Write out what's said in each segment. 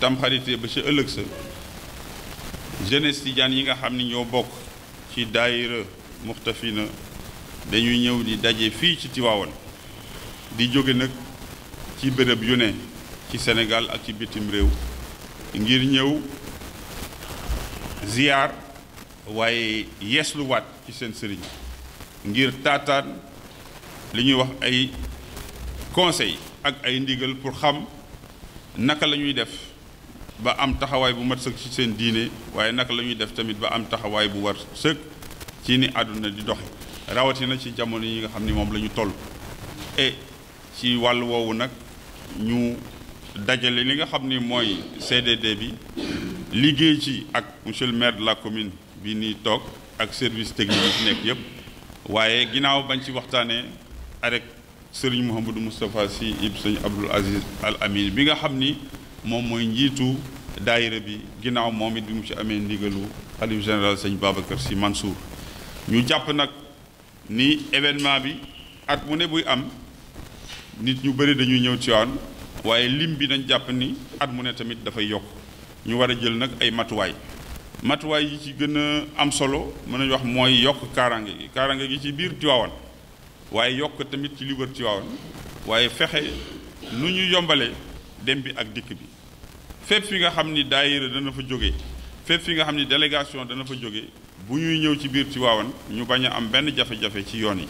tamxarit ba ci ëllëg sa jeunesse tijaan yi nga xam ni ñoo bokk ci daayira muxtafina dañuy ñëw di daje fii ci Tiwaawan di jóge nag ci bërëb yu ne ci senegal ak ci bitim réew ngir ñëw ziyaar waaye yeesluwaat ci seen sëriñ ngir taataan li ñuy wax ay conseil ak ay ndigal pour xam naka lañuy def ba am taxawaay bu mat sëkk ci seen diine waaye naka la ñuy def tamit ba am taxawaay bu war sëkk ci ni àdduna di doxe rawatina ci jamono yi nga xam ni moom lañu ñu toll e ci wàll woowu nag ñu dajale li nga xam ni mooy CDD bi liggéey ci ak monsieur le maire de la commune bi ni toog ak service technique yi nekk yépp waaye ginnaaw bañ ci waxtaanee arek Serigne Mouhamadou Moustapha si ib Serigne Abdoul Aziz Al Amin bi nga xam ni moom mooy njiitu daayira bi ginnaaw moom it bi mu ci amee ndigalu xalif général sëñ Babacar Sy Mansour ñu jàpp nag ni événement bi at mu ne buy am nit ñu bëri dañuy ñëw Tiwaawan waaye lim bi nañ jàpp ni at mu ne tamit dafay yokk ñu war a jël nag ay matuwaay matuwaay yi ci gën a am solo mën nañu wax mooy yokk kaaraange gi kaaraange gi ci biir Tiwaawan waaye yokk tamit ci li wër Tiwaawan waaye fexe nu ñu yombalee dem bi ak dikk bi fépp fi nga xam ni daayira dana fa jóge fépp fi nga xam ni délégation dana fa jóge bu ñuy ñëw ci biir Tiwaawan ñu bañ a am benn jafe-jafe ci yoon yi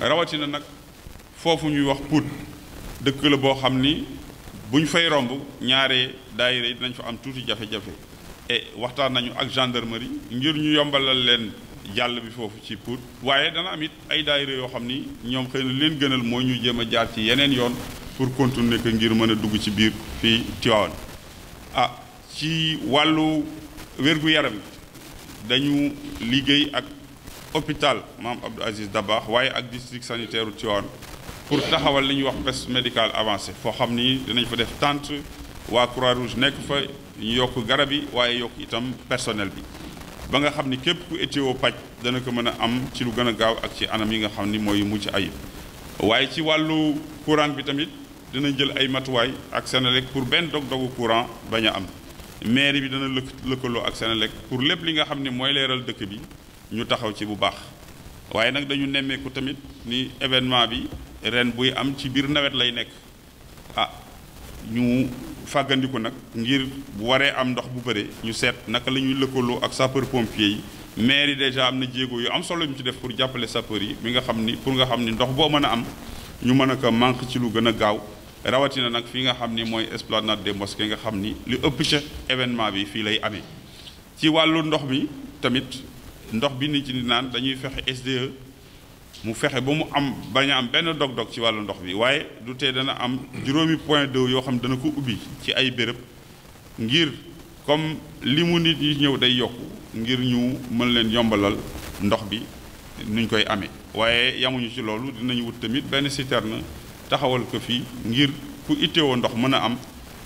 rawatina nag foofu ñuy wax Pout dëkk la boo xam ni bu ñu fay romb ñaare daayire yi dinañ fa am tuuti jafe-jafe et waxtaan nañu ak gendarmerie ngir ñu yombalal leen jàll bi foofu ci Pout waaye dana am it ay daayira yoo xam ni ñoom xëy na leen gënal moo ñu jéem a jaar ci yeneen yoon pour continuer que ngir mën a dugg ci biir fii Tivaouane ah ci wàllu wér yaram yaram dañu liggéey ak hôpital maam Abdou Aziz Dabakh waaye ak district sanitaire u Tivaouane pour taxawal li ñuy wax poste médical avancé foo xam ni dinañ fa def tente waa Croix-Rouge nekk fa ñu yokk garab yi waaye yokk itam personnel bi ba nga xam ni képp ku étéo paj dana ko mën a am ci lu gën a gaaw ak ci anam yi nga xam ni mooy mucc ayib waaye ci wàllu courant bi tamit dinañ jël ay matuwaay ak Senelec pour benn dog-dogu courant bañ a am mairie bi dana lëkk lëkkaloo ak Senelec pour lépp li nga xam ne mooy leeral dëkk bi ñu taxaw ci bu baax waaye nag dañu nemmeeku tamit ni événement bi ren buy am ci biir nawet lay nekk ah ñu fàggandiku nag ngir bu waree am ndox bu bëre ñu seet naka la ñuy lëkkaloo ak sapeur pompier yi mairie déjà am na jéego yu am solo ñu ci def pour jàppale sapeur yi mi nga xam ni pour nga xam ni ndox boo mën a am ñu mën a ko manque ci lu gën a gaaw rawatina nag fi nga xam ni mooy esplanade des mosquées nga xam ni lu ëpp ca événement bi fii lay ame ci wàllu ndox mi tamit ndox bi nit ñi naan dañuy fexe SDE mu fexe ba mu am bañ a am benn dog-dog ci wàllu ndox bi waaye du tee dana am juróomi point d'eau yoo xam dana ko ubbi ci ay béréb ngir comme li mu nit ñi ñëw day yokk ngir ñu mën leen yombalal ndox bi nuñ koy amee waaye yamuñu ci loolu dinañu wut tamit benn citerne taxawal ko fii ngir ku ittewoo ndox mën a am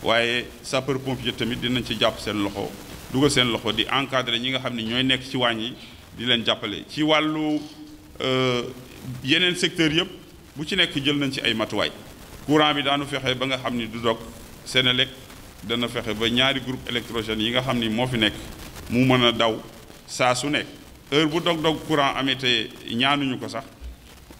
waaye sapeur pompier tamit dinañ ci jàpp seen loxo dugal seen loxo di encadrer ñi nga xam ni ñooy nekk ci waañ yi di leen jàppale ci wàllu euh, yeneen secteur yëpp bu ci nekk jël nañ ci ay matuwaay courant bi daanu fexe ba nga xam ni du dog Senelec dana fexe ba ñaari groupe électrogène yi nga xam ni moo fi nekk mu mën a daw saa su nekk heure bu dog dog courant amee te ñaanuñu ko sax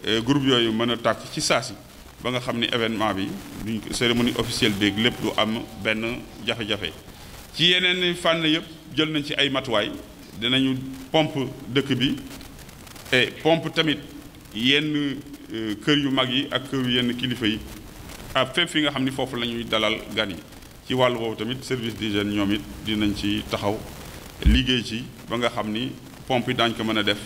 euh, groupe yooyu mën a tàkk ci saa si ba nga xam ni événement bi duñ cérémonie officielle beeg lépp du am benn jafe-jafe ci yeneen fànn yëpp jël nañ ci ay matuwaay dinañu pomp dëkk bi et pompe tamit yenn euh, kër yu mag yi ak kër yenn kilifa yi ak fépp fi nga xam ni foofu la ñuy dalal gan yi ci wàll woowu tamit service d'hygiène ñoom it dinañ ci taxaw liggéey ci ba nga xam ni pompe yi daañ ko mën a def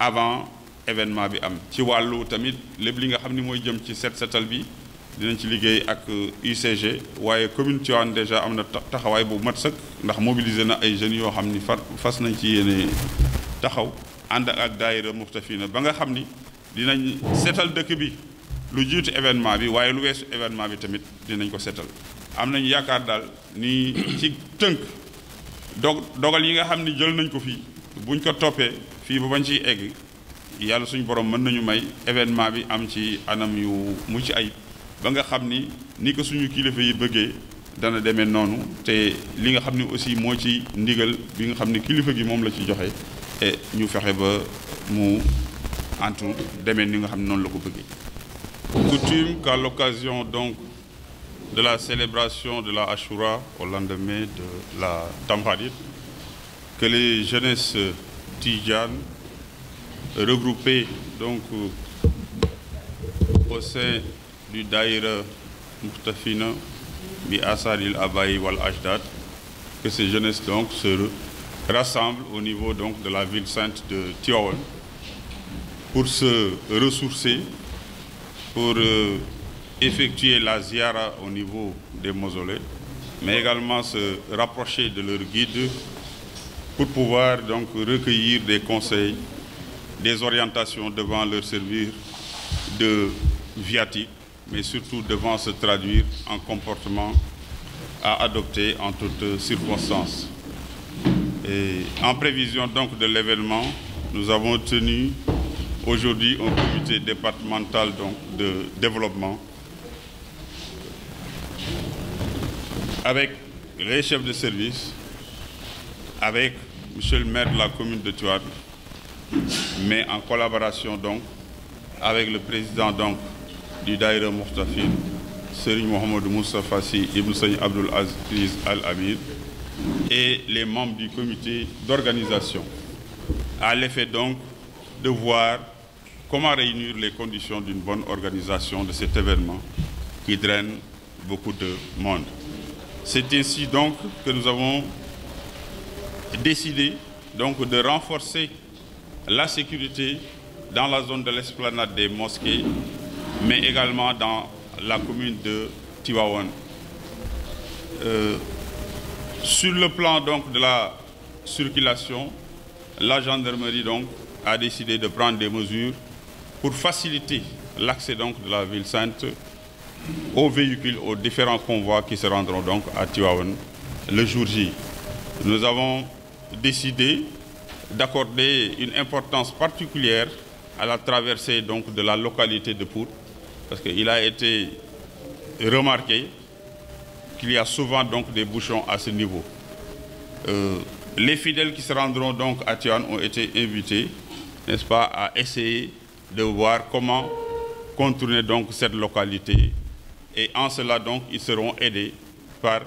avant événement bi am ci wàllu tamit lépp li nga xam ni mooy jëm ci set setal bi dinañ ci liggéey ak UCG euh, waaye commune Tivaouane déjà am na taxawaay bu mat sëkk ndax mobiliser na ay jeunes yoo xam ni far fas nañ ci yéene taxaw ànd ak daayira muxtafina ba nga xam ni dinañ setal dëkk bi lu jiitu événement bi waaye lu weesu événement bi tamit dinañ ko setal am nañu yaakaar daal nii ci tënk dog dogal yi nga xam ni jël nañ ko fii buñ ko toppee fii ba bañ ciy egg yàlla suñu borom mën nañu may événement bi am ci anam yu mucc ayib ba nga xam ni ni ko suñu kilifa yi bëggee dana demee noonu te li nga xam ni aussi moo ci ndigal bi nga xam ni kilifa gi moom la ci joxe te ñu fexe ba mu antu demee ni nga xam ni noonu la ko bëggee. coutume qu'à l'occasion donc de la célébration de la Ashura au lendemain de la Tamkharit que les jeunesses tijanes regroupés donc euh, au sein du Daïra Muhtafina bi Asaril Abayi wal Ajdad que ces jeunesses donc se rassemblent au niveau donc de la ville sainte de Tivaouane pour se ressourcer pour euh, effectuer la ziara au niveau des mausolées mais également se rapprocher de leur guide pour pouvoir donc recueillir des conseils des orientations devant leur servir de viatique, mais surtout devant se traduire en comportement à adopter en toutes circonstances. Et en prévision donc de l'événement, nous avons tenu aujourd'hui un comité départemental donc de développement avec les chefs de service, avec monsieur le maire de la commune de Tuad, mais en collaboration donc avec le président donc du Daïra Moustafine, Serigne Mohamed Moustapha Sy Ibn Serigne Abdoul Aziz Al Amir et les membres du comité d'organisation à l'effet donc de voir comment réunir les conditions d'une bonne organisation de cet événement qui draine beaucoup de monde. C'est ainsi donc que nous avons décidé donc de renforcer la sécurité dans la zone de l'esplanade des mosquées, mais également dans la commune de Tivaouane. Euh, sur le plan donc de la circulation, la gendarmerie donc a décidé de prendre des mesures pour faciliter l'accès donc de la ville sainte aux véhicules, aux différents convois qui se rendront donc à Tivaouane le jour J. Nous avons décidé d'accorder une importance particulière à la traversée donc de la localité de Pout, parce qu'il a été remarqué qu'il y a souvent donc des bouchons à ce niveau. Euh, les fidèles qui se rendront donc à Tian ont été invités, n'est-ce pas, à essayer de voir comment contourner donc cette localité. Et en cela donc, ils seront aidés par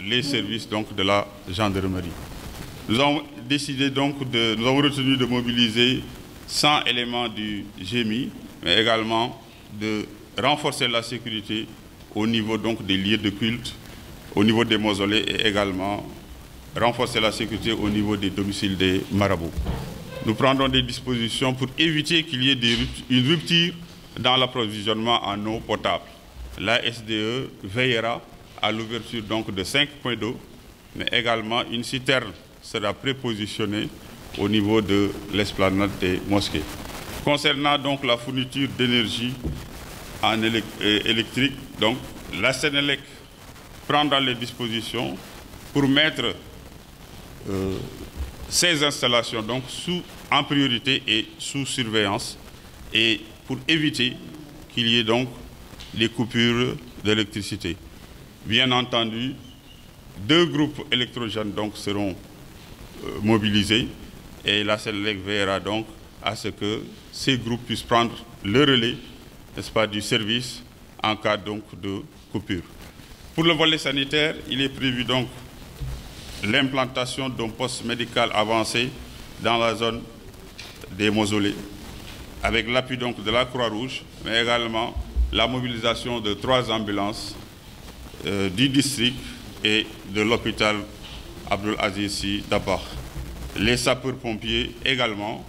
les services donc de la gendarmerie. Nous avons décidé donc de, nous avons de mobiliser 100 éléments du GMI, mais également de renforcer la sécurité au niveau donc des lieux de culte, au niveau des mausolées et également renforcer la sécurité au niveau des domiciles des marabouts. Nous prendrons des dispositions pour éviter qu'il y ait des, une rupture dans l'approvisionnement en eau potable. La SDE veillera à l'ouverture donc de 5 points d'eau, mais également une citerne sera prépositionné au niveau de l'esplanade des mosquées. Concernant donc la fourniture d'énergie en euh, électrique, donc la Sénélec prendra les dispositions pour mettre euh, ces installations donc sous en priorité et sous surveillance et pour éviter qu'il y ait donc des coupures d'électricité. Bien entendu, deux groupes électrogènes donc seront Euh, mobilisés et la SELEC veillera donc à ce que ces groupes puissent prendre le relais, n'est-ce pas, du service en cas donc de coupure. Pour le volet sanitaire, il est prévu donc l'implantation d'un poste médical avancé dans la zone des mausolées, avec l'appui donc de la Croix-Rouge, mais également la mobilisation de trois ambulances euh, du district et de l'hôpital Abdul Aziz Sy Dabakh. Les sapeurs-pompiers également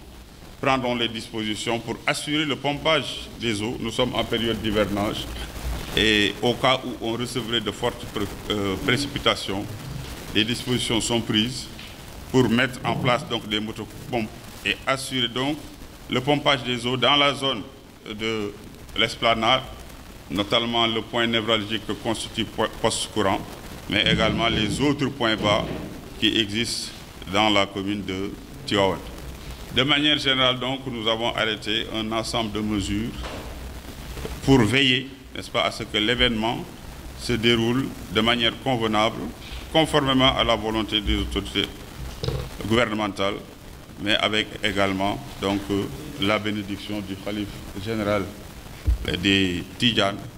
prendront les dispositions pour assurer le pompage des eaux. Nous sommes en période d'hivernage et au cas où on recevrait de fortes pré euh, précipitations, des dispositions sont prises pour mettre en place donc des motopompes et assurer donc le pompage des eaux dans la zone de l'esplanade, notamment le point névralgique que constitue poste courant. mais également les autres points bas qui existent dans la commune de Tivaouane. De manière générale, donc, nous avons arrêté un ensemble de mesures pour veiller, n'est-ce pas, à ce que l'événement se déroule de manière convenable, conformément à la volonté des autorités gouvernementales, mais avec également donc, euh, la bénédiction du calife général des Tidjanes